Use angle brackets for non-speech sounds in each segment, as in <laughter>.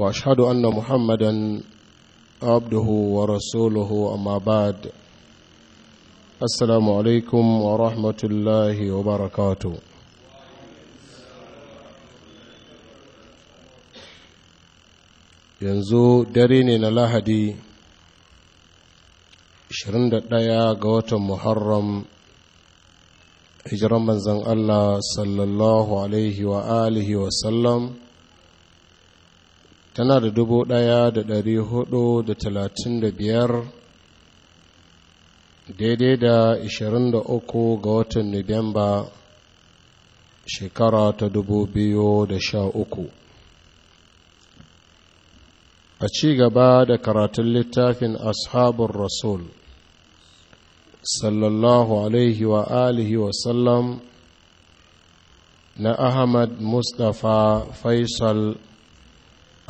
واشهد ان محمدا عبده ورسوله اما بعد السلام عليكم ورحمه الله وبركاته yanzu dare ne na lahadi 21 ga watan muharram hijiran manzan allah sallallahu alaihi wa alihi wasallam tana da dubu ɗaya da ɗari hudu da talatin da biyar daidai da ishirin da uku ga watan nuwamba shekara ta dubu biyu da sha uku a ci gaba da karatun littafin ashabun rasul sallallahu alaihi wa alihi wa sallam na ahmad mustapha faisal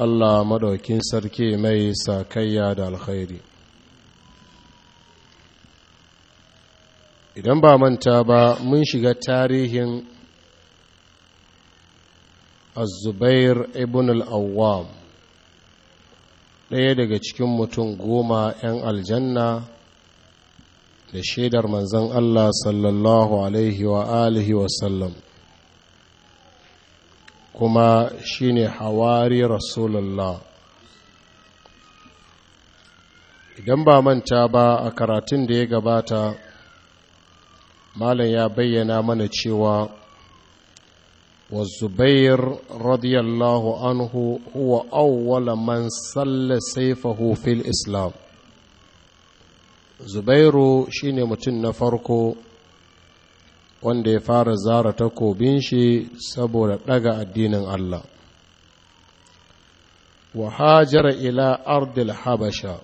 Allah madaukin sarki mai sakayya da alkhairi idan ba manta ba mun shiga tarihin azubair ibn al'awwam ɗaya daga cikin mutum goma ‘yan aljanna da shaidar manzan Allah sallallahu alaihi wa alihi sallam. kuma shine hawari rasulullah idan ba manta ba a karatun da ya gabata malam ya bayyana mana cewa wa zubair radiyallahu anhu huwa awwala man salla saifahu fil islam zubairu shine mutum na farko wanda ya fara zara takobin shi saboda daga addinin Allah wa hajara ila ardil habasha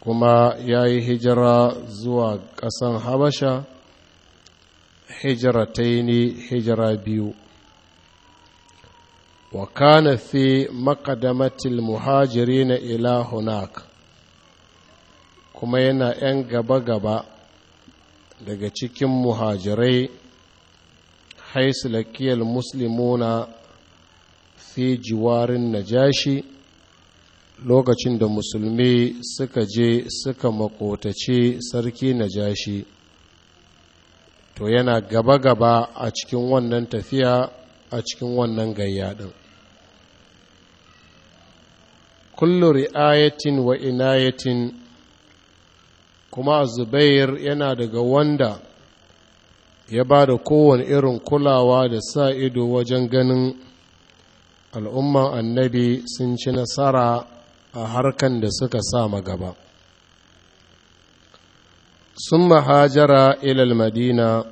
kuma ya yi hijira zuwa ƙasan habasha ne hijira biyu wa kana fi makadamatil muhajiri na ila hunak kuma yana ‘yan gaba-gaba daga cikin muhajirai haisu lakiyar muslimuna fi jiwarin najashi lokacin da musulmi suka je suka makotace sarki najashi to yana gaba-gaba a cikin wannan tafiya a cikin wannan gayyaɗan. Kullum kullu ri'ayatin wa inayatin kuma zubair yana daga wanda ya ba da kowane irin kulawa da sa ido wajen ganin al'umman annabi sun ci nasara a harkan da suka sa gaba sun mahajara ilal madina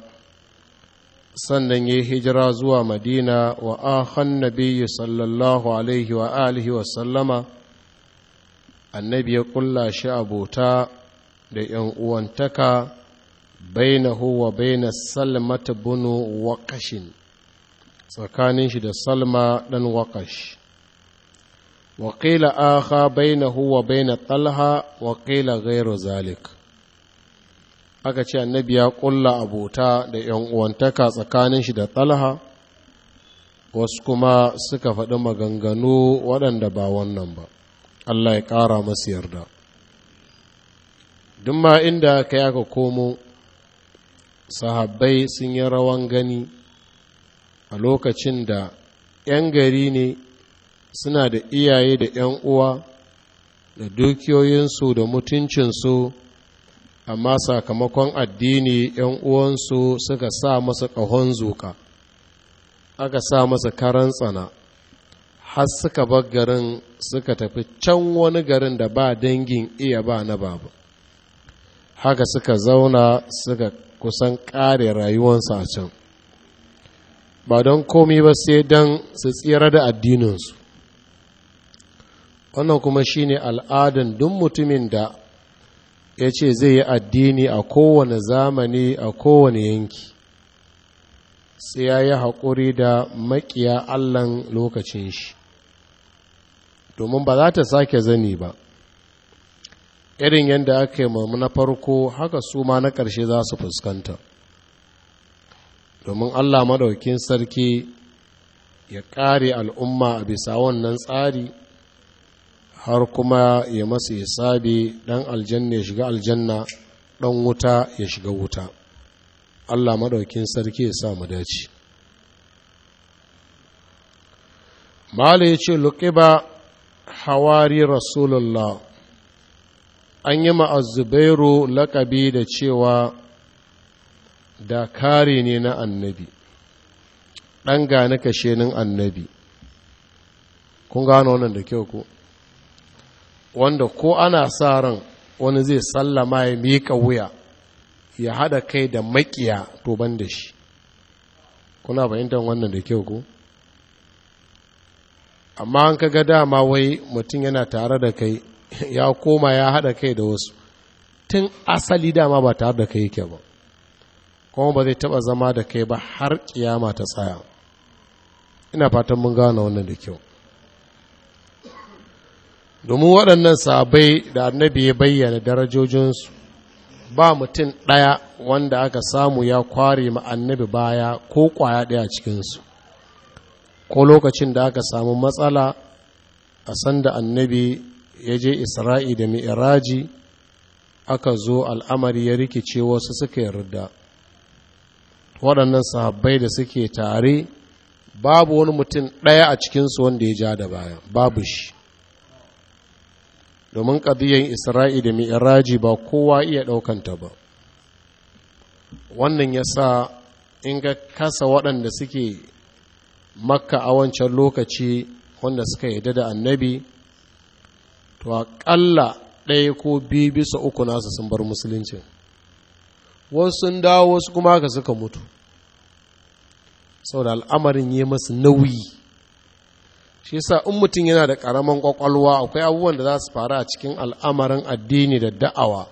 sannan ya hijira zuwa madina wa ahan nabiyyu sallallahu alaihi wa alihi wa sallama annabi ya kulla shi abota da ‘yan uwantaka baina huwa baina salmata bunu waƙashin tsakanin shi da salma ɗan waƙash waƙila aha baina huwa baina talha waƙila gairu zalik aka ce annabi ya ƙulla abota da ‘yan uwantaka tsakanin shi da ɗalha wasu kuma suka faɗi maganganu waɗanda ba wannan ba Allah ya ƙara masu yarda duk ma inda ka yaka komo sahabbai sun yi rawan gani a lokacin da 'yan gari ne suna da iyaye da 'yan uwa da dukiyoyinsu da mutuncinsu amma sakamakon addini 'yan uwansu suka sa masa ƙahon zuka aka sa masa karan tsana har suka bar garin suka tafi can wani garin da ba dangin iya ba na babu haka suka zauna suka kusan kare rayuwansu a can ba don komi ba sai don su tsira da addininsu wannan kuma shine al'adun duk mutumin da ya ce zai yi addini a kowane zamani a kowane yanki sai ya yi haƙuri da maƙiya allan lokacin shi domin ba za ta sake zani ba irin yadda aka yi mamu na farko haka su ma na ƙarshe za su fuskanta domin allah madaukin sarki ya ƙare al'umma a bisa wannan tsari har kuma ya masu hisabi ɗan aljanna ya shiga aljanna ɗan wuta ya shiga wuta allah madaukin sarki ya sa mu dace mala ya ce ba hawari rasulullah an yi ma'azubairu laƙabi da cewa da kare ne na annabi ɗan gane kashenin annabi kun gano wannan da kyau ku wanda ko ana sa ran wani zai sallama ya miƙa wuya ya haɗa kai da maƙiya to ban da shi kuna fahimtar wannan da kyau ku amma an kaga dama wai mutum yana tare da kai ya koma ya haɗa kai da wasu tun asali dama ba tare da kai yake ba kuma ba zai taɓa zama da kai ba har kiyama ta tsaya ina fatan mun gane wannan da kyau domin waɗannan sabai da annabi ya bayyana darajojinsu ba mutum ɗaya wanda aka samu ya kware ma annabi baya ko ƙwaya ɗaya cikinsu ko lokacin da aka samu matsala a sanda annabi ya je isra'i da mi'iraji aka zo al'amari ya rikice wasu suka yarda waɗannan sahabbai da suke tare babu wani mutum ɗaya a cikinsu wanda ya ja da baya babu shi domin ƙadiyyar isra'i da mi'iraji ba kowa iya ɗaukanta ba wannan ya sa in ga kasa waɗanda suke makka a wancan lokaci wanda suka yi da annabi to aƙalla ɗaya ko biyu bisa uku nasa sun bar musulunci wasu sun dawo wasu kuma haka suka mutu saboda al'amarin yi masu nauyi shi yasa in mutum yana da ƙaramin ƙwaƙwalwa akwai abubuwan da za su faru a cikin al'amarin addini da da'awa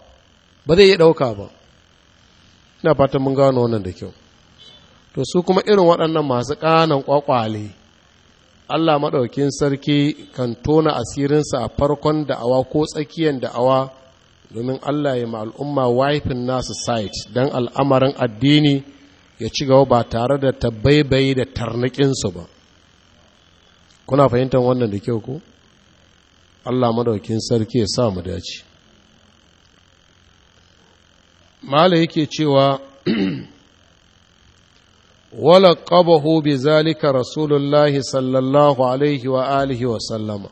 ba zai yi ɗauka ba ina fatan mun gano wannan da kyau to su kuma irin waɗannan masu ƙanan ƙwaƙwale Allah maɗaukin sarki kan tona asirinsa a farkon da'awa ko tsakiyar da'awa domin Allah ya al'umma waifin nasu site don al'amarin addini ya ci gaba ba tare da tabbaibayi da tarnakinsu ba kuna fahimtar wannan da kyau ku? Allah maɗaukin sarki ya sa mu dace mala yake cewa <clears throat> wala qabahu bi zalika rasulullahi sallallahu alaihi wa alihi wa sallama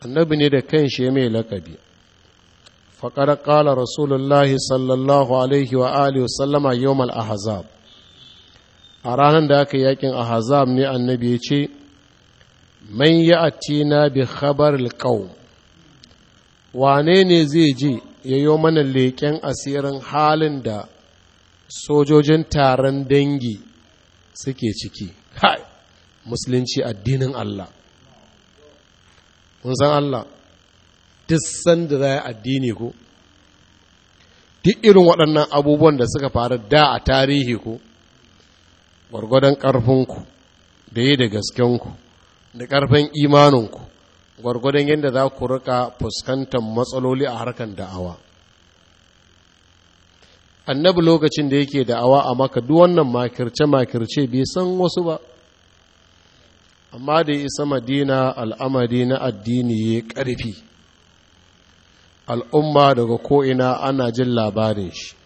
annabi ne da kanshi ya mai lakabi faqad qala rasulullahi sallallahu alaihi wa alihi wa sallama yawm a ranar da aka yaƙin ahzab ne annabi ya ce man ya'tina bi khabar al wane ne zai mana leƙen asirin halin da sojojin taron dangi suke ciki kai musulunci addinin Allah kun san Allah duk sanda za a addini ko duk irin waɗannan abubuwan da suka faru da a tarihi ko gwargwadon ƙarfinku da yi da gaskenku da ƙarfin imaninku gwargwadon yadda za ku rika fuskantar matsaloli a harkar da'awa annabi lokacin da yake da'awa a maka duk wannan makirce-makirce bai san wasu ba amma da isa madina al'amari na addini ya ƙarfi al'umma daga ko'ina ana jin labarin shi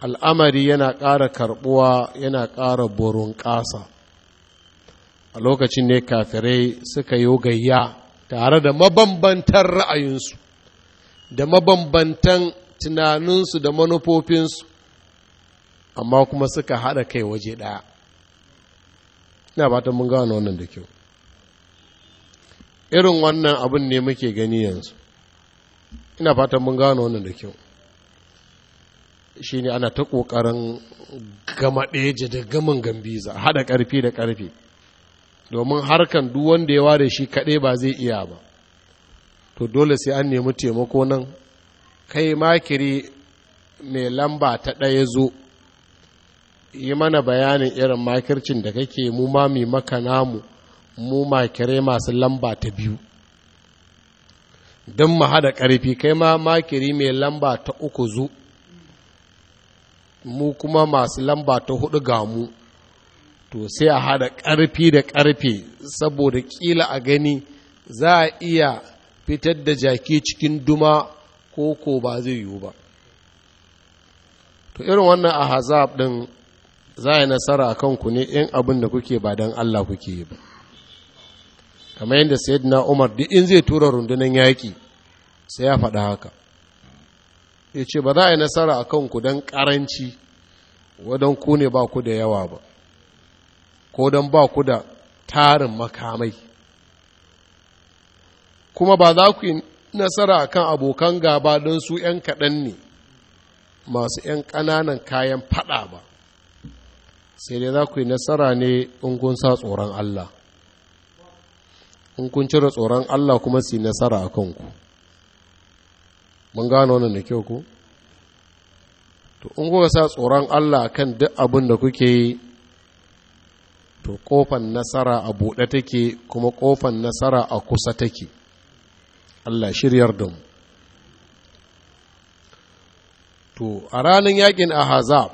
al'amari yana ƙara karɓuwa yana ƙara burin ƙasa a lokacin ne kafirai suka yi gayya tare da mabambantar ra'ayinsu da mabambantan tunaninsu da manufofinsu amma kuma suka haɗa kai waje ɗaya ina fatan mun gano wannan da kyau irin wannan abin ne muke gani yanzu ina fatan mun gano wannan da kyau shi ne ana ta ƙoƙarin gama ɗaya da gamin gambiza haɗa ƙarfi da ƙarfi domin harkan duk wanda ya ware shi kaɗai ba zai iya ba to dole sai an nemi taimako nan kai makiri mai lamba ta ɗaya zo yi mana bayanin irin makircin da kake mu ma maka namu mu makire masu lamba ta biyu don mu haɗa ƙarfi kai ma makiri mai lamba ta uku zo mu kuma masu lamba ta hudu ga mu to sai a haɗa ƙarfi da ƙarfe saboda ƙila a gani za a iya fitar da jaki cikin duma ko ba zai yiwu ba to irin wannan a hazab ɗin za a yi nasara a kanku ne in abin da kuke ba don Allah kuke yi ba kamar yadda na umar duk in zai tura rundunar yaƙi sai ya faɗa haka ya ce ba za a yi nasara a kanku don ƙaranci wadon ku ne ba ku da yawa ba ko don ba ku da tarin makamai kuma ba za ku yi nasara kan abokan gaba don su ‘yan kaɗan ne masu ‘yan ƙananan kayan faɗa ba sai dai za ku yi nasara ne in kun sa tsoron Allah in kun cire tsoron Allah kuma su yi nasara a kanku mun gano wannan da kyau ku to in kuka sa tsoron Allah kan duk abin da kuke yi to kofan nasara a buɗe take kuma kofan nasara a kusa take Allah shiryar da mu to a ranar yakin ahazab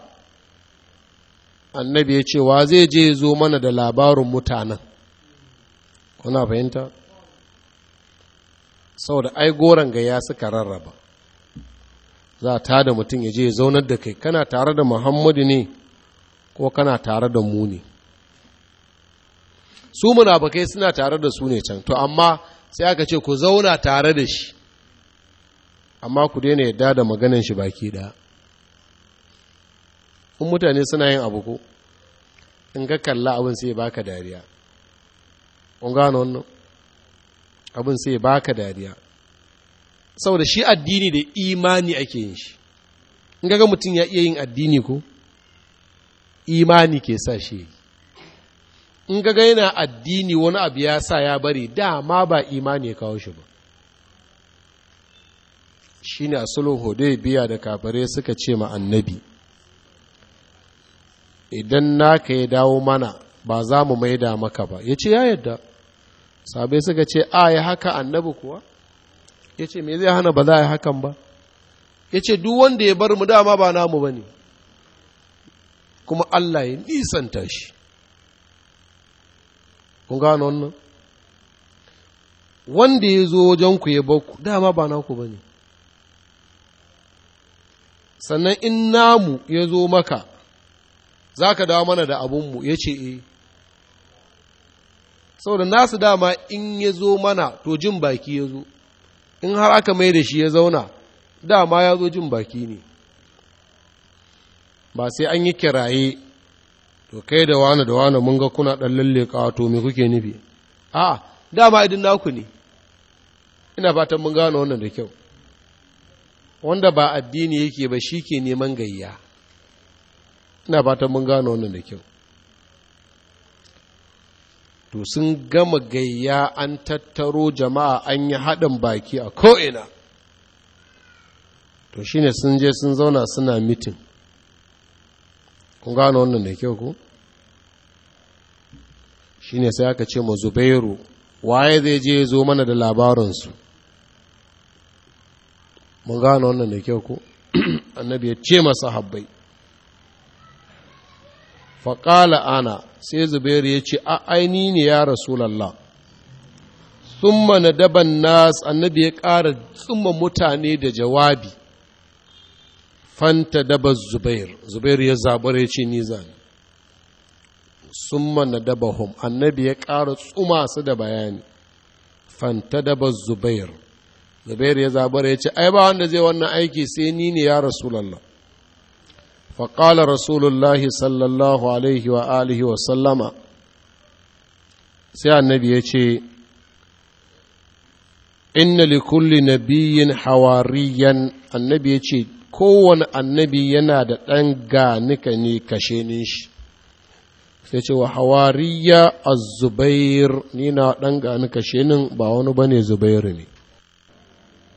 annabi ya ce wa zai je zo mana da labarin mutanen kuna fahimta saboda ai goron gaya suka rarraba za a tada mutum ya je zaunar da kai kana tare da muhammadu ne ko kana tare da mu ne su munafukai suna tare da su ne can to amma sai aka ce ku zauna tare da shi amma ku daina yadda da maganin shi baki ɗaya in mutane suna yin abu ko in ka kalla abin sai baka dariya kun gano wannan abin sai baka dariya saboda shi addini da imani ake yin shi in ga mutum ya iya yin addini ko imani ke sa shi in ga yana addini wani abu ya sa ya bari dama ba imani ya kawo shi ba shi ne a sulhun biya da kafare suka ce ma annabi idan naka ya dawo mana ba za mu maida maka ba ya ce ya yadda sabai suka ce a ya haka annabi kuwa ya ce me zai hana ba za a yi hakan ba ya ce duk wanda ya bar mu dama ba namu ba ne kuma allah ya nisanta shi kun gano wannan wanda ya zo wajen ku ya bakku dama ba naku ba ne sannan in namu ya zo maka za ka dawo mana da abinmu ya ce e saboda nasu dama in ya zo mana to jin baki ya zo in har aka mai da shi ya zauna dama ya zo jin baki ne ba sai an yi kiraye to kai da wani da wani mun ga kuna ɗan lalle to me kuke nufi a dama idin naku ne ina fatan mun gano wannan da kyau wanda ba addini yake ba shi ke neman gayya ina fatan mun gano wannan da kyau to sun gama gayya an tattaro jama'a an yi haɗin baki a ko'ina to shine sun je sun zauna suna mitin kun gano wannan da kyau ku ne sai aka ce ma zubairu waye zai je zo mana da labaransu mun gano wannan da kyau ko <clears throat> annabi ya ce masa habbai faƙala ana sai zubairu ya ce a aini ne ya rasulallah Sun na daban nas annabi ya ƙara tsumma mutane da jawabi fanta daba Zubairu, Zubairu ya zaɓar ya ce ni zane summa nadabahum annabi ya ƙara tsuma su da bayani fanta daba zubair zubair ya zabara ya ce ai ba wanda zai wannan aiki sai ni ne ya rasulallah faƙala rasulullahi sallallahu alaihi wa alihi wa sallama sai annabi ya ce inna li kulli nabiyyin hawariyan annabi ya ce kowane annabi yana da ɗan ganika ne kashe shi sai ce wa hawariya az-zubair ni na dan gani kashe nin ba wani bane zubairu ne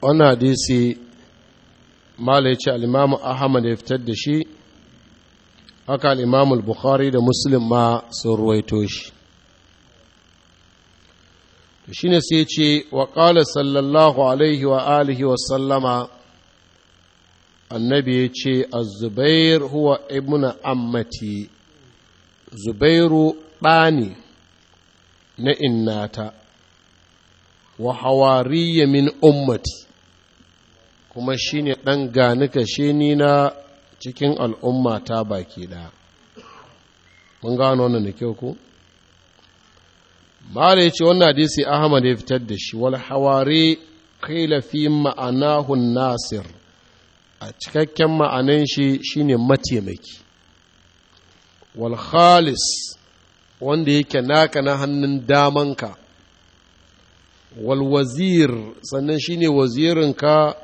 wannan hadisi mala ya al-imam ahmad ya fitar da shi haka al buhari bukhari da muslim ma sun ruwaito shi to shine sai ce wa qala sallallahu alaihi wa alihi wa sallama annabi ya ce az-zubair huwa ibnu ammati zubairu ɗani na innata wa hawariya min ummati kuma shi ne ɗan ganuka ni na cikin al'umma ta baki ɗaya mun gano wannan da kyau ba da ya ce wannan hadisi ahmad ya fitar da shi wal hawari kai lafi ma'anahun nasir a cikakken ma'anan shi ne mataimaki wal khalis wanda yake naka na hannun damanka wal wazir sannan shine wazirinka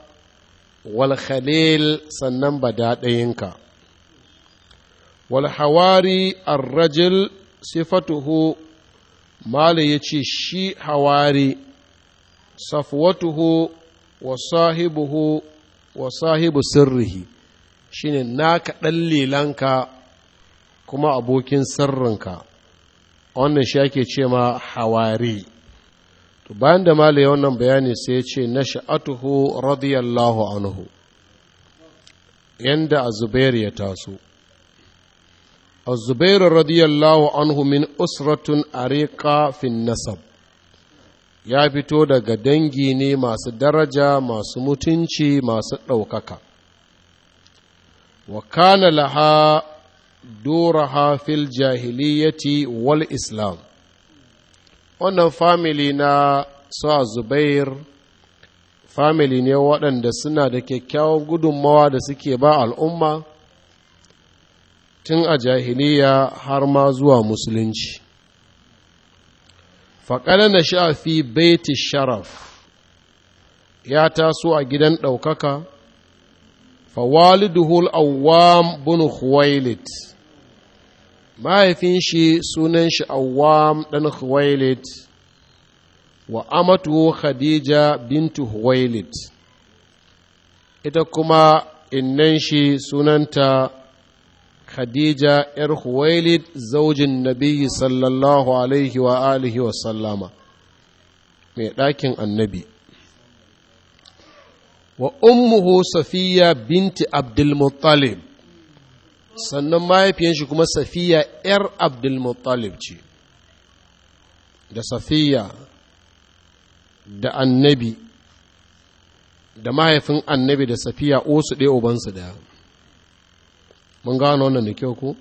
wal khalil sannan badaɗayinka wal hawari arrajil sifatuhu mala ya ce shi hawari safwatuhu wa sahibuhu wa sahibu sirrihi shine naka ɗan kuma abokin sirrinka wannan shi ake ce ma hawari to bayan da malaye wannan bayani sai ya ce na sha'atuhu radiyallahu anhu yanda Zubairu ya taso azubairu radiyallahu anhu min usratun ariqa fin nasab ya fito daga dangi ne masu daraja masu mutunci masu ɗaukaka wa kana laha duraha fil jahiliyyati wal islam wannan famili na sa zubair famili ne waɗanda suna da kyakkyawan gudunmawa da suke ba al'umma tun a jahiliya har ma zuwa musulunci faƙaɗa na shafi baiti sharaf ya taso a gidan ɗaukaka fawaliduhul awwa bin khuwailit mahaifin shi sunan shi awwam ɗan huwailid wa amatu khadija bintu huwailid ita kuma innan shi sunanta khadija ‘yar huwailid zaujin nabi sallallahu alaihi wa alihi wa sallama mai ɗakin annabi wa ummuhu safiya binti abdulmuttalib sannan mahaifiyan shi kuma safiya ‘yar abdulmuttalib ce da safiya da annabi da mahaifin annabi da safiya osu ɗaya ubansu ɗaya mun gano wannan da kyau ko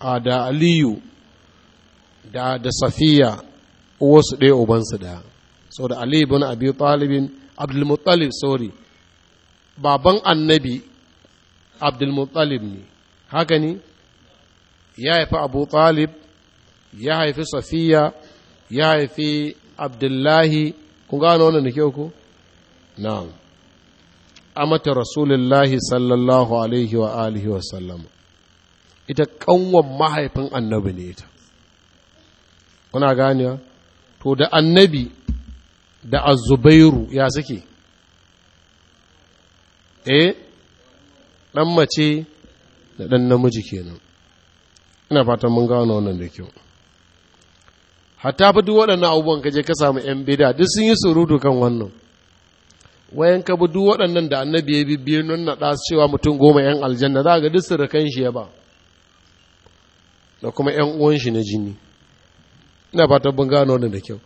a da aliyu da da safiya uwarsu ɗaya ubansu ɗaya da aliyu bin abi talibin abdulmuttalib sorry baban annabi Abdul abdulmuttalib ne haka ne ya haifi abu talib ya haifi safiya ya haifi abdullahi kun gano wannan da ke ku na'am amata rasulullahi sallallahu alaihi wa alihi wa sallam ita kanwan mahaifin annabi ne ita kuna wa to da annabi da azubairu ya suke eh ɗan mace da ɗan namiji kenan ina fatan mun gano wannan da kyau hatta fi duk waɗannan abubuwan kaje ka samu ‘yan bida duk sun yi surutu kan wannan wayan ka bi duk waɗannan da annabi ya biyu nan naɗa cewa mutum goma ‘yan aljanna za ga duk surukan shi ya ba da kuma ‘yan uwan shi na jini ina fatan mun gano wannan da kyau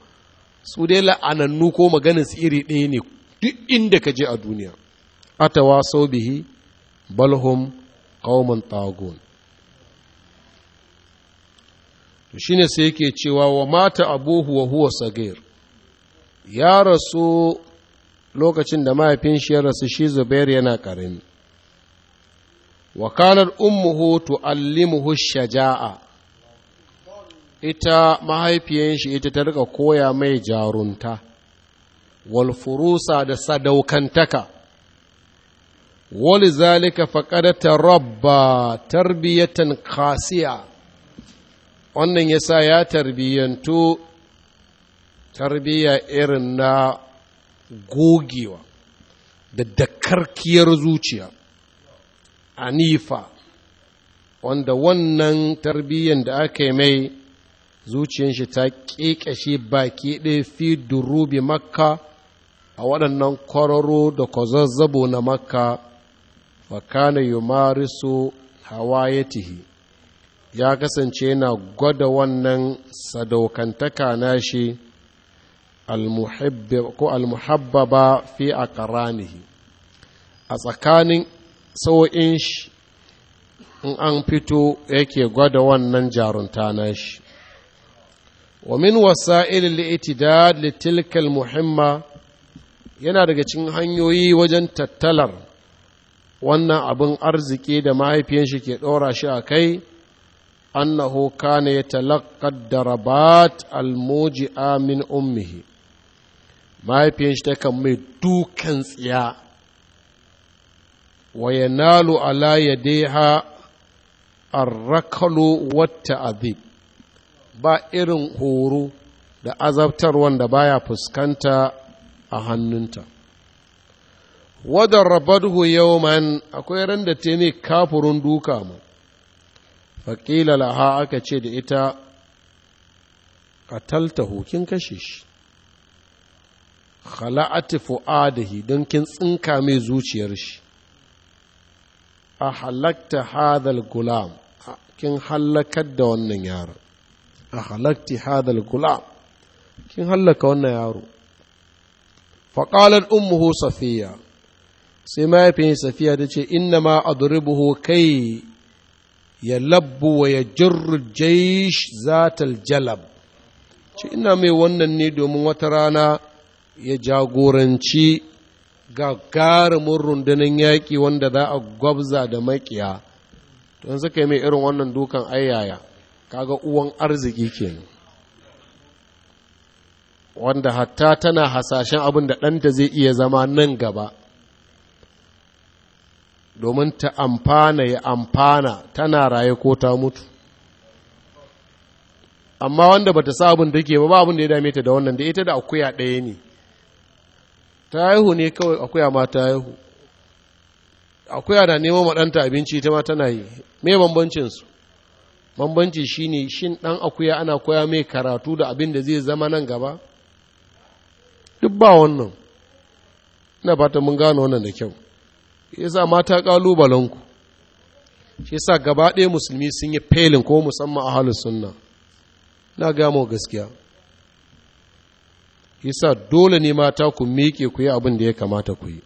su dai la'anannu ko maganin su iri ɗaya ne duk inda ka je a duniya atawa sau bihi balhum qaumun tagun to shine sai yake cewa wa mata abuhu wa huwa sagir ya rasu lokacin da mahaifin shi ya rasu shi zubair yana ƙarami. wa kanar ummuhu tu'allimuhu shaja'a ita mahaifiyan shi ita ta rika koya mai jarunta wal furusa da sadaukantaka wali zalika faƙada tarabba tarbiyatan kasiya wannan ya sa ya tarbiyyantu tarbiyya irin na gogewa da dakarkiyar zuciya anifa wanda wannan tarbiyyan da aka yi mai zuciyar shi ta ƙeƙashe baki ɗaya fi durubi makka a waɗannan kwararo da kwazazzabo na makka wa kana yumarisu hawayatihi ya kasance yana gwada wannan sadaukantaka nashi ko almuhabbaba fi a ƙaranihi a tsakanin sau'in shi in an fito yake gwada wannan jarunta nashi wa min wasa'il al-i'tidad muhimma yana daga cikin hanyoyi wajen tattalar wannan abin arziki da mahaifiyan ke ɗora shi a kai annahu kana ya talaka da rabat almoji amin ummihi mahaifiyan shi kan mai dukan tsiya wa yanalu ala yadeha arrakalu wata azib ba irin horo da azabtar wanda baya fuskanta a hannunta wadar rabadhu yawman akwai ran da ta mai kafurun duka mu faƙila laha aka ce da ita qataltahu kin kashe shi khala'ati fu'adahi don kin tsinka mai zuciyar shi a halakta hadal gulam kin hallakar da wannan yaron a halakti hadal gulam kin hallaka wannan yaro faƙalar ummuhu safiya sai mahaifin safiya ta ce inna ma adribuhu kai ya labbu wa ya jirru jaish zatal jalab ce ina mai wannan ne domin wata rana ya jagoranci gagarumin rundunar yaƙi wanda za a gwabza da maƙiya don suka yi mai irin wannan dukan ayyaya kaga uwan arziki kenan wanda hatta tana hasashen abin da ɗanta zai iya zama nan gaba domin ta amfana ya amfana tana raye ko ta mutu amma wanda bata sa abin da ke ba abin da ya dame ta da wannan da ita da akuya ɗaya ne ta haihu ne kawai akuya ma ta haihu akuya na neman maɗanta abinci ita ma tana yi me bambancinsu bambanci shine shin ɗan akuya ana koya mai karatu da abin da zai zama nan gaba duk ba wannan ina fata mun gano wannan da kyau yasa mata ƙalubalenku shi yasa gaba ɗaya musulmi sun yi felin ko musamman a halin sunna na gama gaskiya yasa dole ne mata ku miƙe ku yi abin da ya kamata ku yi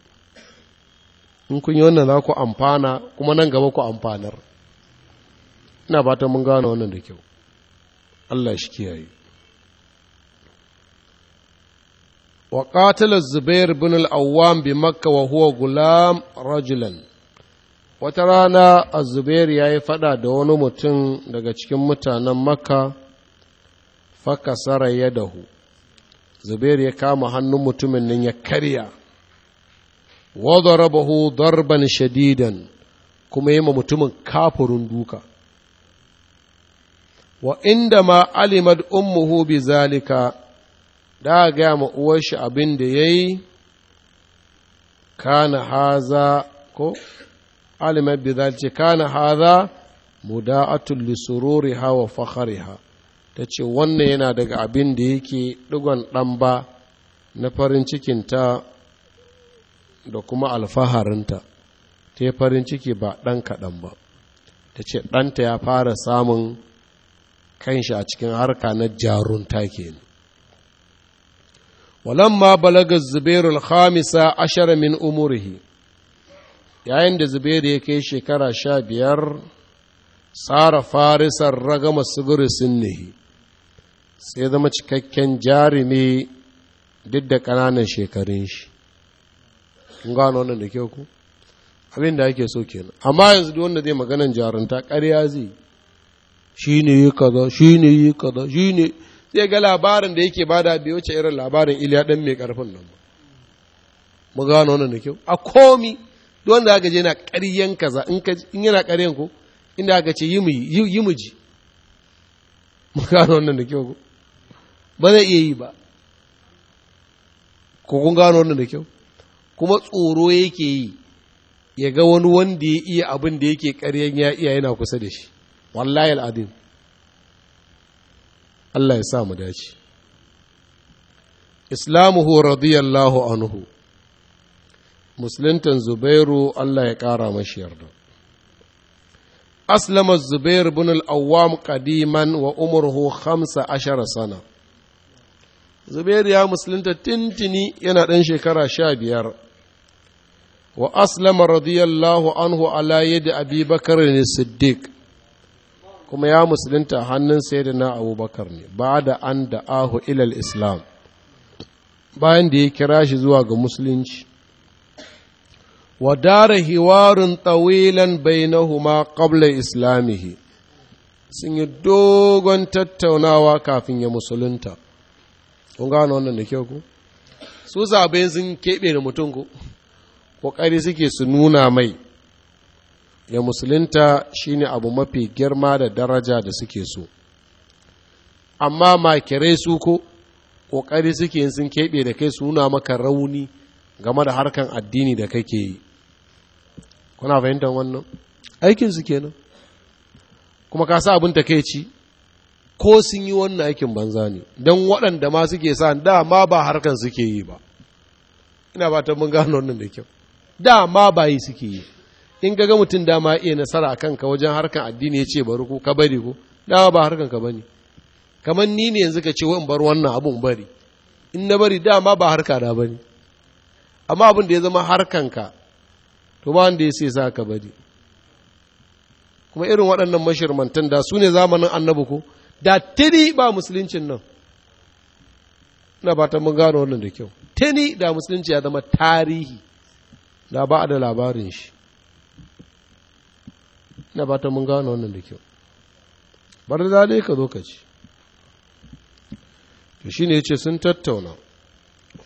in kun yi wannan za ku amfana kuma nan gaba ku amfanar ina ta mun gane wannan da kyau Allah shi kiyaye wa qatala zubair bin al-awwam bi makka wa huwa gulam wata rana az-zubair yi faɗa da wani mutum daga cikin mutanen makka fakasara yadahu zubair ya kama hannun mutumin nan ya karya wa darban shadidan kuma yi ma mutumin kafurin duka wa inda ma alimad ummuhu bi zalika da gaya ma uwarshi abin da ya yi kana haza ko alimar bizal ce kana haza muda'atul li hawa ha ta ce wannan yana daga abin da yake digon ɗan ba na farin cikinta da kuma alfaharinta ta farin ciki ba ɗan kaɗan ba ta ce ɗanta ya fara samun kanshi a cikin harka na jarun kenan ولما balaga zubairu al-khamisa ashara min يعني yayin da zubairu ya kai shekara sha biyar tsara farisar ragama sigiri sinnihi sai zama cikakken jarumi duk da ƙananan shekarun da kyau ku abin da ake so kenan amma yanzu duk wanda zai maganan jarunta ƙarya zai shi ne yi kaza shi ne yi kaza shi ne sai ga labarin da yake bada bai ce irin labarin iliya ɗan mai ƙarfin nan ba mu gano wannan da kyau a komi duk wanda aka je yana ƙaryen kaza in yana ƙaryen ko inda aka ce yi mu ji mu gano wannan da kyau ko ba zai iya yi ba ko kun gano wannan da kyau kuma tsoro yake yi ya ga wani wanda ya iya abin da yake ƙaryen ya iya yana kusa da shi wallahi al'adim Allah ya sa mu dace islamuhu radiyallahu anhu musuluntan zubairu Allah ya ƙara mashi yarda aslama zubair bin al-awwam qadiman wa umruhu khamsa ashara sana zubair ya musulunta tintini yana ɗan shekara sha biyar wa aslama radiyallahu anhu ala yadda abi bakar ne siddiq kuma ya musulunta hannun da na abubakar ne ba da an da ahu ilal islam bayan da ya kira shi zuwa ga musulunci wa dara hiwarin tawilan bainahuma qabla islamihi sun yi dogon tattaunawa kafin ya musulunta kun gano wannan da kyau ku su zaɓe sun keɓe da mutum ku ƙoƙari suke su nuna mai ya musulunta shine abu mafi girma da daraja da suke so amma makirai su ko ƙoƙari suke sun keɓe da kai suna maka rauni game da harkan addini da kake yi kuna fahimtar wannan aikin su kenan kuma ka sa abin ta kai ci ko sun yi wannan aikin banza ne don waɗanda ma suke sa dama ba harkan suke yi ba ina ba ta mun gano wannan da kyau dama ba yi suke yi in ga mutum dama iya nasara a kanka wajen harkar addini ya ce bari ko ka bari ko dawa ba harkar ka bane kamar ni ne yanzu ka ce wa in bar wannan abun bari in na bari dama ba harka da bane amma abin da ya zama harkan ka to ba wanda ya sai sa ka bari kuma irin waɗannan mashirmantan da su ne zamanin annabi ko da tiri ba musuluncin nan na fatan mun gano wannan da kyau tini da musulunci ya zama tarihi da ba a da labarin shi na ba ta mun gano wannan da kyau bar zale ka zo ka ci to shi ne ce sun tattauna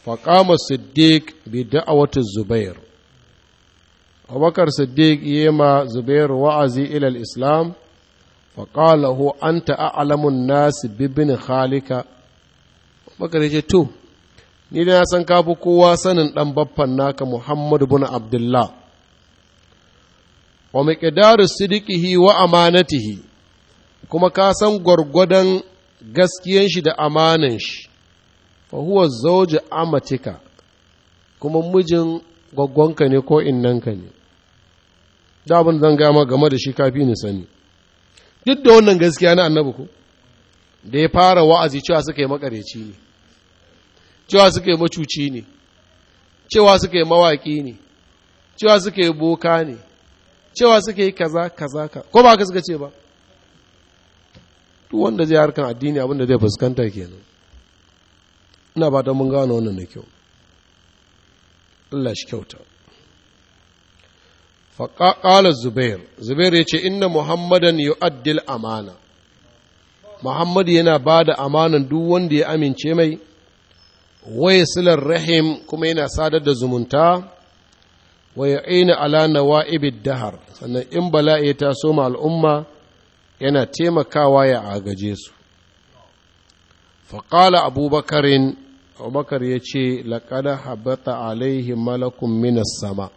faƙama siddiq bi da'awatu zubair Abakar siddiq yi ma zubair wa'azi ilal islam faƙalahu an ta'alamun nasi bibin halika Abakar ya ce to ni da na san kafi kowa sanin ɗan baffan naka muhammadu bin abdullah wa miqdaru sidiqihi wa amanatihi kuma ka san gwargwadon gaskiyan shi da amanan shi fa huwa zawju amatika kuma mijin gwaggwanka ne ko innanka ne da abin zan gama game da shi kafi ni sani duk da wannan gaskiya na annabi ko da ya fara wa'azi cewa suka yi makareci ne cewa suka yi macuci ne cewa suka yi mawaƙi ne cewa suka yi boka ne cewa suke yi kaza kaza ka ko ba ka suka ce ba duk wanda zai harkan addini abinda zai fuskanta kenan ina ba ta mun gano wannan da kyau Allah shi kyauta faƙaƙalar zubair zubair ya ce inna muhammadan addil amana muhammadu yana ba da amanan duk wanda ya amince mai waye silar rahim kuma yana sadar da zumunta wa ya aina ala nawa'ibid dahar sannan in bala'i ta soma al'umma yana taimakawa ya agaje su faƙala abubakarin abubakar ya ce laƙada habata alaihi malakun minas sama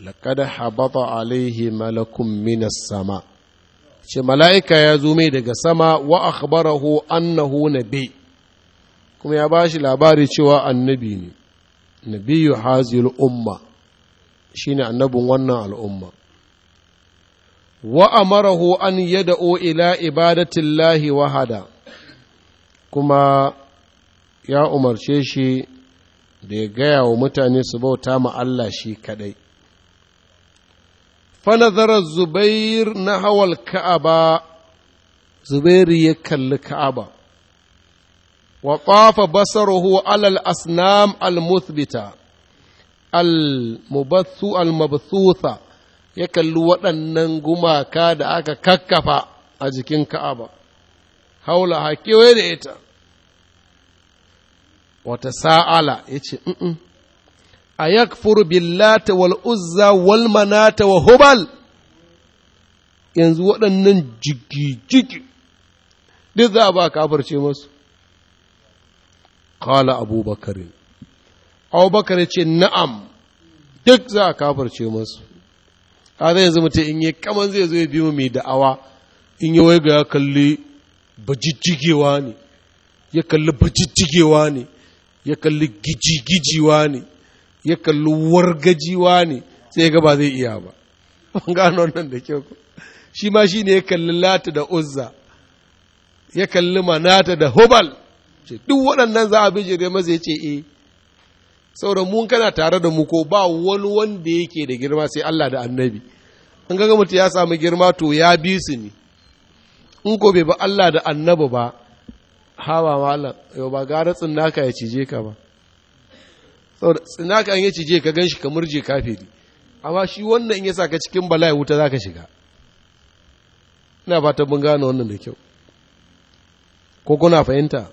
laƙada habata alaihi malakun minas sama ce mala'ika ya zo mai daga sama wa akhbarahu annahu nabi kuma ya bashi labari cewa annabi ne nabiyu hazil umma shine annabin wannan al'umma wa amarahu an yada'u ila ibadatillahi wahada kuma ya umarce shi da ya gaya wa mutane su bauta ma Allah shi kadai fanazara zubair na hawal ka'aba zubairu ya kalli ka'aba wa ƙafa basaruhu alal asnam al-muthbita al-mubathu al-mabthutha ya kalli waɗannan gumaka da aka kakkafa a jikin ka'aba haula hakewaye da ita wata sa'ala ya ce a yakfuru billata wal uzza wal manata wa hubal yanzu waɗannan jigi-jigi duk za a ba kafirce masu kala abubakar abubakar ce na'am duk za a kafarce masu a zai yanzu mutum in yi kaman zai zo ya biyu mai da'awa in yi waiga ya kalli bajijjigewa ne ya kalli bajijjigewa ne ya kalli gijigijiwa ne ya kalli wargajiwa ne sai ga ba zai iya ba ban <laughs> gano nan da kyau shi ma shi ne ya kalli lata da uzza ya kalli manata da hubal ce duk waɗannan za a bijire maza ya ce e saboda mun kana tare da mu ko ba wani wanda yake da girma sai Allah da annabi an gaga mutu ya samu girma to ya bi su ne in ko bai ba Allah da annabi ba hawa malam yau ba gara tsinaka ya cije ka ba saboda tsinaka in ya cije ka gan shi kamar je kafiri amma shi wannan in ya sa ka cikin bala'i wuta za ka shiga ina ta mun gane wannan da kyau ko kuna fahimta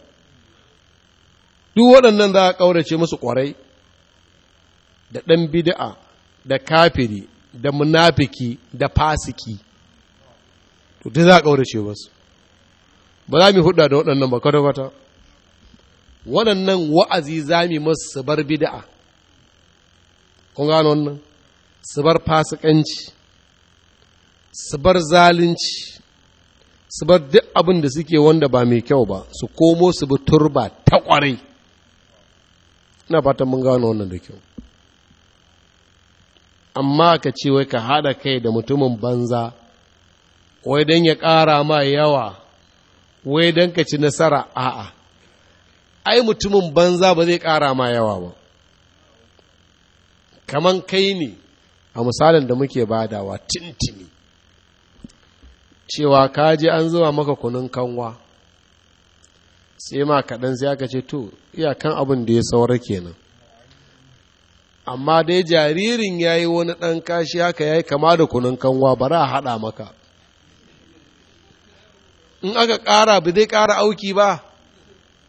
duk waɗannan za a ƙaurace musu ƙwarai da ɗan bid'a da kafiri da munafiki da fasiki to duk za a ƙaurace musu ba za mu huɗa da waɗannan ba kwata-kwata waɗannan wa'azi za mu masu su bar bid'a kun gano wannan su bar fasikanci su bar zalunci su bar duk abin da suke wanda ba mai kyau ba su komo su bi turba ta ƙwarai ina fatan mun gano wannan da kyau amma ka ce wai ka haɗa kai da mutumin banza wai don ya ƙara ma yawa wai don ka ci nasara a'a ai mutumin banza ba zai ƙara ma yawa ba Kamar kai ne a misalin da muke badawa tintini cewa ka je an zuwa maka kunun kanwa sai ma kaɗan sai aka ce to iyakan abin da ya saura kenan amma dai jaririn ya yi wani ɗan kashi haka ya yi kama da kunun kanwa ba a haɗa maka in aka ƙara ba zai ƙara auki ba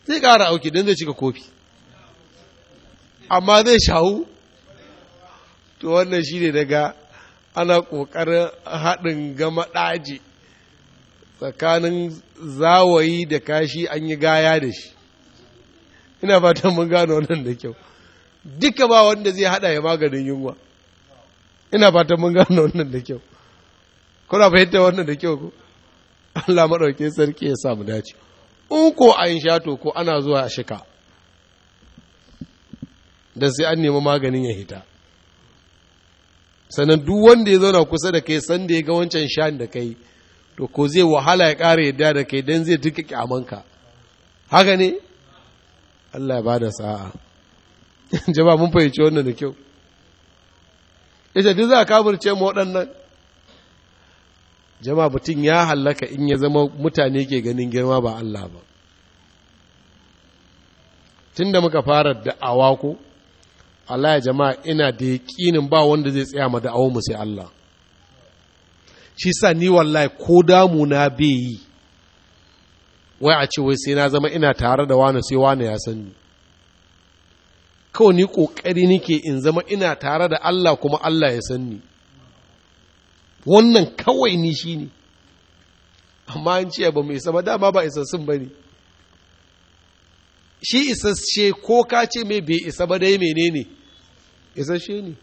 zai ƙara auki don zai cika kofi amma zai shahu to wannan shi ne daga ana ƙoƙarin haɗin gama ɗaji tsakanin zawayi da kashi an yi gaya da shi ina fatan mun gano wannan da kyau duka ba wanda zai hada ya maganin yunwa ina fatan mun gano wannan da kyau kuna fahimta wannan da kyau ko Allah maɗauke sarki ya samu dace in ko a yin shato ko ana zuwa a shika da sai an nemi maganin ya hita sannan duk wanda ya zauna kusa da kai sanda ya ga wancan shan da kai to ko zai wahala ya ƙara yadda da kai don zai duka manka. haka ne Allah ya ba da sa'a <laughs> jaba mun fahimci wannan da kyau ya ce za a ce mu waɗannan jama mutum ya hallaka in ya zama mutane ke ganin girma ba Allah ba tun da muka fara da'awa ko Allah ya jama'a ina da yaƙinin ba wanda zai tsaya ma da'awar mu sai Allah shi sa ni wallahi ko damu na bai yi wai a ce wai sai na zama ina tare da wani sai wani ya san ni kawai ni ƙoƙari nike in zama ina tare da Allah kuma Allah ya san ni wannan kawai ni shi ne amma an ce ba mai sama dama ba isassun ba ne shi isasshe ko ka ce mai bai isa ba dai menene isasshe ne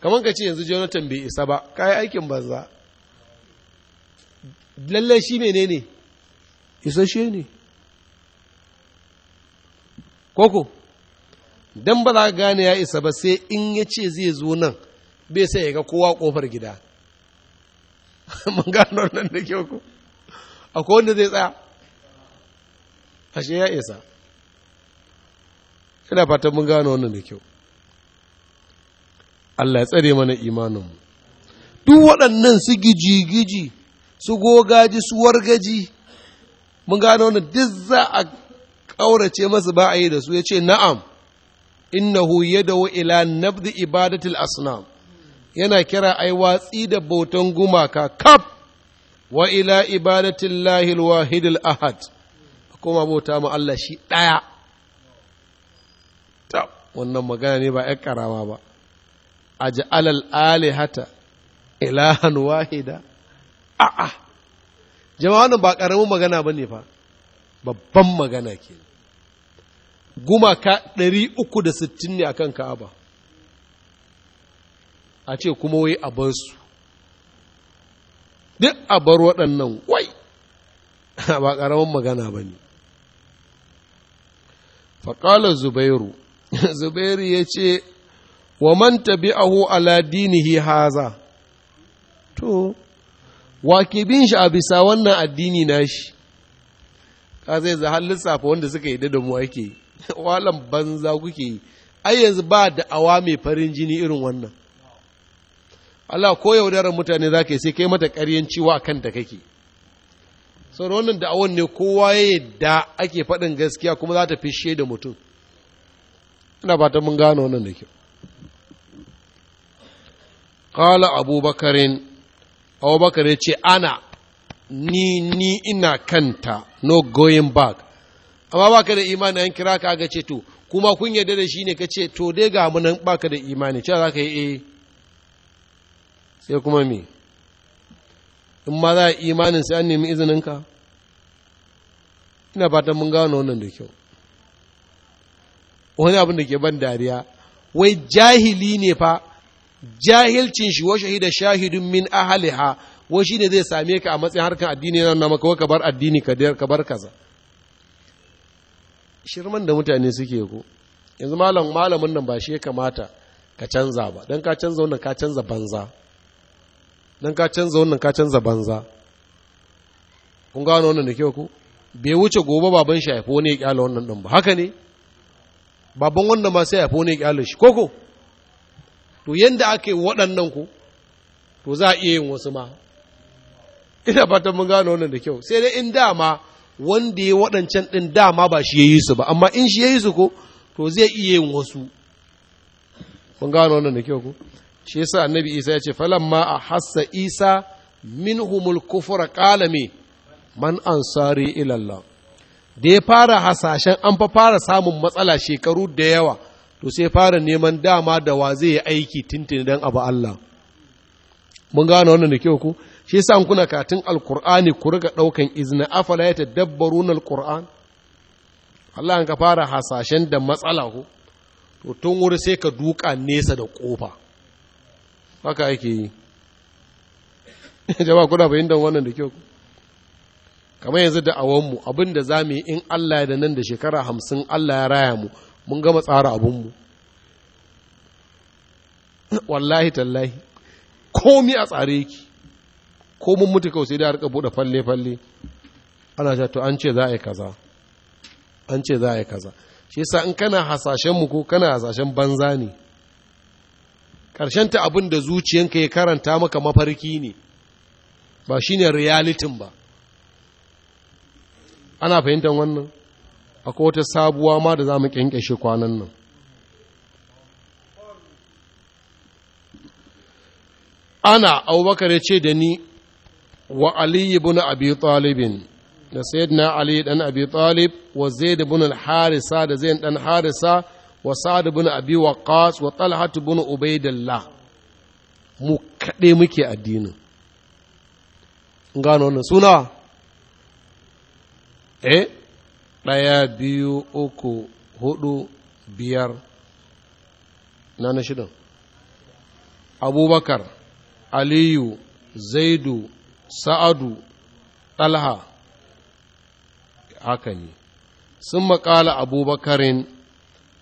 kamar ka ce yanzu jonathan bai isa ba yi aikin banza lalle shi ne ne shi ne koko don ba za gane ya isa ba sai in ya ce zai zo nan bai sai ya ga kowa kofar gida <laughs> mun gano nan da kyau ko akwai wanda zai tsaya ashe ya isa ina fatan mun gano wannan da kyau Allah ya tsare mana imaninmu duk waɗannan su giji-giji su gogaji su wargaji mun gano wani duk za a ƙaurace masu ba a yi da su ya ce na'am innahu yadawu ila nabdi ibadatil asnam yana kira ai watsi da bautan gumaka kaf wa ila ibadatil lahil wahidil ahad kuma bauta ma Allah shi ɗaya wannan magana ne ba ƴan ƙarawa ba aj'alal alihata ilahan wahida a'a jama'a ba ƙaramin magana ba ne fa babban magana ke gumaka 360 ne akan ka'aba a ce kuma wai a bar su duk a bar waɗannan wai ba ƙaramin magana ba ne zubairu zubairu ya ce wa man tabi'ahu ala dinihi haza to wa ke bin shi a bisa wannan addini nashi ka zai za har lissafa wanda suka yi da mu ake <laughs> walan banza kuke yi ai yanzu ba da awa mai farin jini irin wannan Allah ko yaudarar mutane za ka yi sai kai mata karyan ciwa kan da kake saboda wannan da'awan ne kowa ya yadda ake faɗin gaskiya kuma za ta da mutum ina ba ta mun gane wannan da kyau ƙala abubakarin abubakar ya ce ana ni ni ina kanta no going back amma baka da imani an kira ka ga ce to kuma kun yarda da shi ne ka ce to dai ga munan baka da imani cewa za ka yi eh sai kuma me in ma za a imanin sai an nemi izininka ina fatan mun gano nan da kyau wani abin da ke ban dariya wai jahili ne fa jahilcin shi wa shahida shahidun min ahliha wa shine zai same ka a matsayin harkar addini na maka ka bar addini ka ka bar kaza shirman da mutane suke ko yanzu malam malamin nan ba shi ya kamata ka canza ba dan ka canza wannan ka canza banza dan ka canza wannan ka canza banza kun gano wannan da kyau ku bai wuce gobe baban shi haifi wani ya kyala wannan din ba haka ne baban wannan ma sai haifi wani ya kyala shi koko to yadda ake waɗannan ku to za a iya yin wasu ma ina fatan mun gano wannan da kyau sai dai in dama wanda ya waɗancan ɗin dama ba shi ya yi su ba amma in shi ya yi su ko to zai iya yin wasu mun gano wannan da kyau ko shi yasa annabi isa ya ce ma a hassa isa min humul kufura kalame man ansari ila Allah da ya fara hasashen an fa fara samun matsala shekaru da yawa to sai fara neman dama da wa zai yi aiki tintini don abu Allah mun gano wannan da kyau ku shi yasa kuna katin alkur'ani ku riga daukan izna afala ya tadabbarun alkur'an Allah an ka fara hasashen da matsala ku to tun wuri sai ka duka nesa da kofa haka yake yi <laughs> jama'a kuna fahimtar wannan da kyau kamar yanzu da awon mu abinda zamu yi in Allah ya da nan da shekara hamsin Allah ya raya mu mun gama tsara abinmu wallahi tallahi komi a tsare yake ko mun mutu kawai sai da harka bude falle falle ana cewa to an ce za a yi kaza an ce za a yi kaza shi sa in kana hasashen ko kana hasashen banza ne karshen ta abin da zuciyanka ya karanta maka mafarki ne ba shine realitin ba ana fahimtar wannan akwai wata sabuwa ma da za mu ƙyanƙyashe kwanan nan ana abubakar ya ce da ni wa aliyu ibn abi talibin da na ali dan abi talib wa zai da al-harisa da zai dan harisa wa sa'ad bin abi waqas wa talhatu bin ubaidillah mu kaɗai muke addinin gano wannan suna eh ɗaya biyu uku hudu biyar na na shidan abubakar aliyu zaidu sa'adu ɗalha haka ne sun makala abubakarin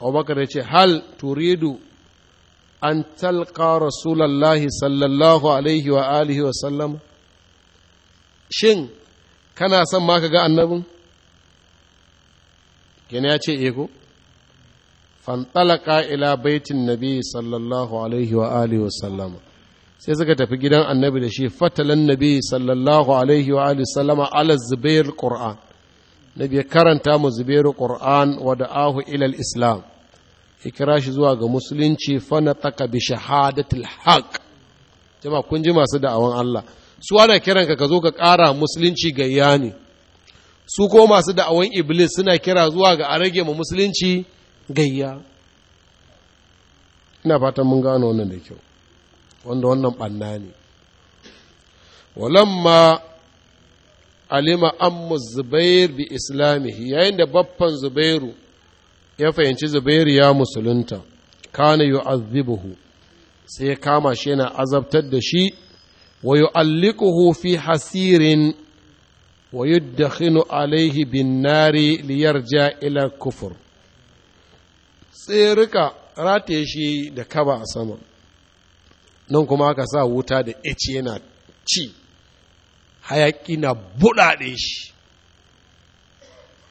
abubakar ya ce hal turidu an talqa rasulallahi sallallahu alaihi wa alihi wa sallam shin kana son ma ka ga annabin kene ya ce eh fantalaka ila baitin nabi sallallahu alaihi wa alihi wa sai suka tafi gidan annabi da shi fatalan nabi sallallahu alaihi wa alihi sallama ala zubair qur'an nabi ya karanta mu zubair qur'an wa da'ahu ila islam ya kira shi zuwa ga musulunci fana taka bi shahadatul haq jama'a kun ji masu da'awan Allah su ana kiranka ka zo ka ƙara musulunci gayya ne su ko masu da'awan iblis suna kira zuwa ga a rage ma musulunci gayya ina fatan mun gano wannan da kyau wanda wannan banna ne walamma alima ammu zubair bi islamihi yayin da baffan zubairu ya fahimci zubairu ya musulunta kana yu'azzibuhu sai ya kama shi yana azabtar da shi wa yu'alliquhu fi hasirin wa yuddakhinu alaihi bin nari liyarja ila kufur sai rika rataye shi da kaba a sama nan kuma ka sa wuta da ice yana ci hayaki na buɗaɗe shi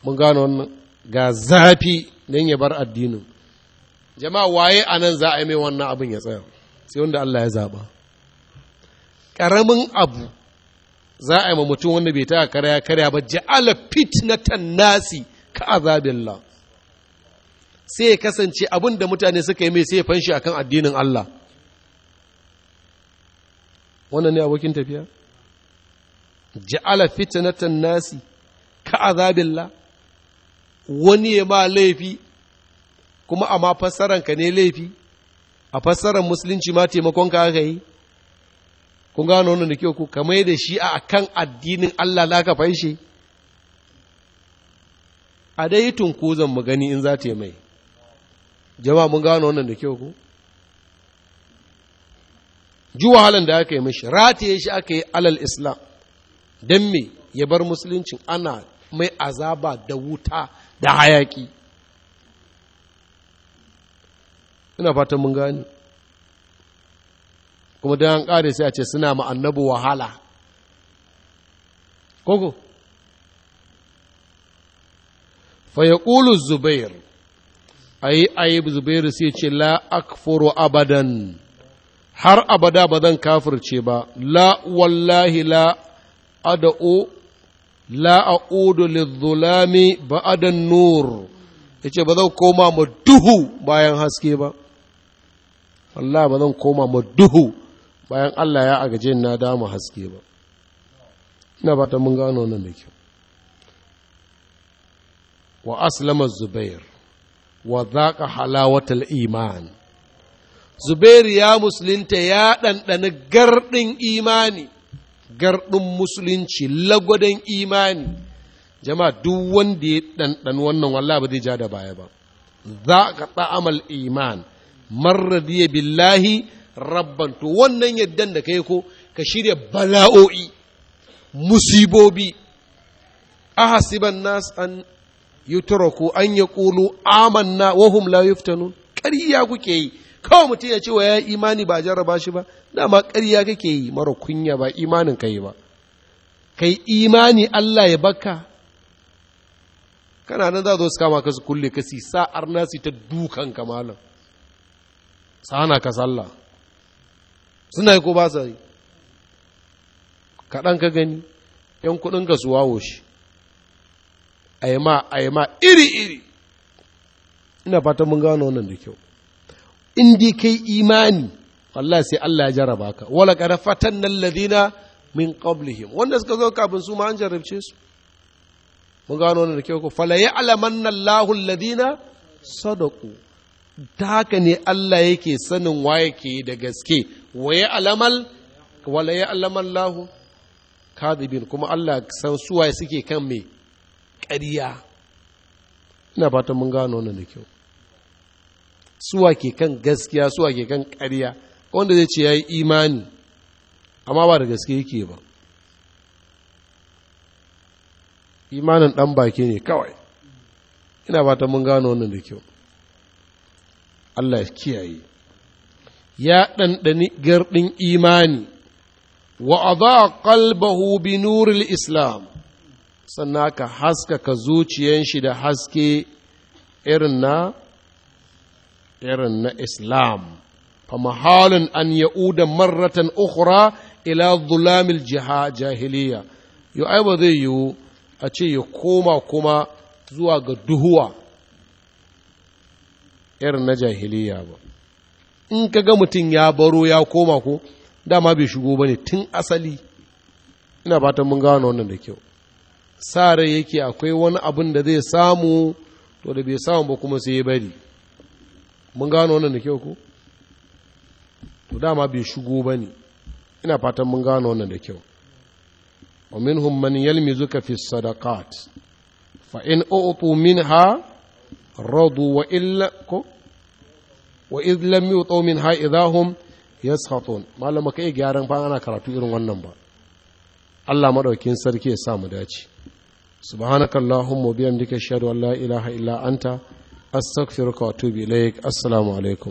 mun gano wannan ga zafi don ya bar addinin jama'a waye a nan za a yi mai wannan abin ya tsaya sai wanda Allah ya zaba ƙaramin abu za a yi ma mutum wanda bai taka karya karya ba ja'ala fitnatan nasi ka azabillah sai ya kasance abin da mutane suka yi mai sai ya fanshi akan addinin Allah wannan ne abokin tafiya ja'ala fitnatan nasi ka azabillah wani ya ma laifi kuma a ma fassaranka ne laifi a fassarar musulunci ma taimakon ka aka yi kun gano wannan da kyau ku kamar da shi a kan addinin Allah la ka shi. a dai tunkozan mu gani in za ta yi mai Jama mun gano wannan da kyau ku ji wahalan da aka yi mashi rataye shi aka yi alal islam don me ya bar musuluncin ana mai azaba da wuta da hayaki ina fatan mun gani kuma don an ƙare sai a ce suna ma annabi wahala koko fa ya zubair a yi zubair sai ce la akfuru abadan har abada ba zan kafirce ba la wallahi la ada'u la a'udu ba ba'adan nur yace ba zan koma ma duhu bayan haske ba Allah ba zan koma ma duhu bayan Allah ya agaje na dama haske ba ina ba ta mun gano nan da kyau wa aslama zubair wa zaqa halawatal iman zubair ya musulunta ya ɗanɗana garɗin imani gardin musulunci lagwadon imani jama'a duk wanda ya ɗanɗana wannan walla ba zai ja da baya ba za ka ɗa'amal iman marradiya billahi Rabbanto wannan yaddan da kai ko ka shirya bala'o'i musibobi hasiban nas an yutraku an yaqulu amanna wa la yuftanun ƙarya kuke yi kawai mutum ya ce wa ya imani ba jarraba shi ba dama ƙarya kake yi mara kunya ba imanin ka yi ba kai imani Allah ya baka kana nan za zo su kama ka kulle ka sa arna ta dukan kamalan sana ka sallah suna yi ko ba sa yi kaɗan ka gani ‘yan kuɗin ka su wawo shi yi ma iri-iri ina fata mun gano wannan da kyau in dai kai imani Allah sai Allah ya jaraba ka wala na fatan nan ladina min qablihim wanda suka zo kafin su ma an jarabce su mun gano wannan da kyau ko fala lahun Allahu sadaku ta haka ne Allah yake sanin waye ke da gaske wa ya alamal wala ya alamal lahu kadibin kuma Allah san suwa suke kan mai ƙarya ina fata mun gano wannan da kyau suwa ke kan gaskiya suwa ke kan kariya wanda zai ce ya yi imani amma ba da gaske yake ba imanin ɗan baki ne kawai ina fata mun gano wannan da kyau Allah ya kiyaye ya ɗanɗani gardin imani wa aza qalbahu bi nuril islam sannan ka haskaka zuciyan shi da haske irin na irin na islam famahalun an ya'uda marratan ukhra ila zulamil jiha jahiliya yo ai ba zai yiwu a ce ya koma kuma zuwa ga duhuwa irin na jahiliya ba in ka ga mutum ya baro ya koma ko dama bai shigo ba ne tun asali ina fatan mun gano wannan da kyau sa rai yake akwai wani abin da zai samu to da bai samu ba kuma sai ya bari mun gano wannan da kyau ko to dama bai shigo ba ne ina fatan mun gano wannan da kyau wa minhum man yalmizuka fi sadaqat fa in u'tu minha radu wa illa ko wa iz lam yuto min ha idahum yaskhatun malama kai gyaran fa ana karatu irin wannan ba Allah madaukin sarki ya sa mu dace subhanakallahumma bihamdika ashhadu an la ilaha illa anta astaghfiruka wa atubu ilaik assalamu alaikum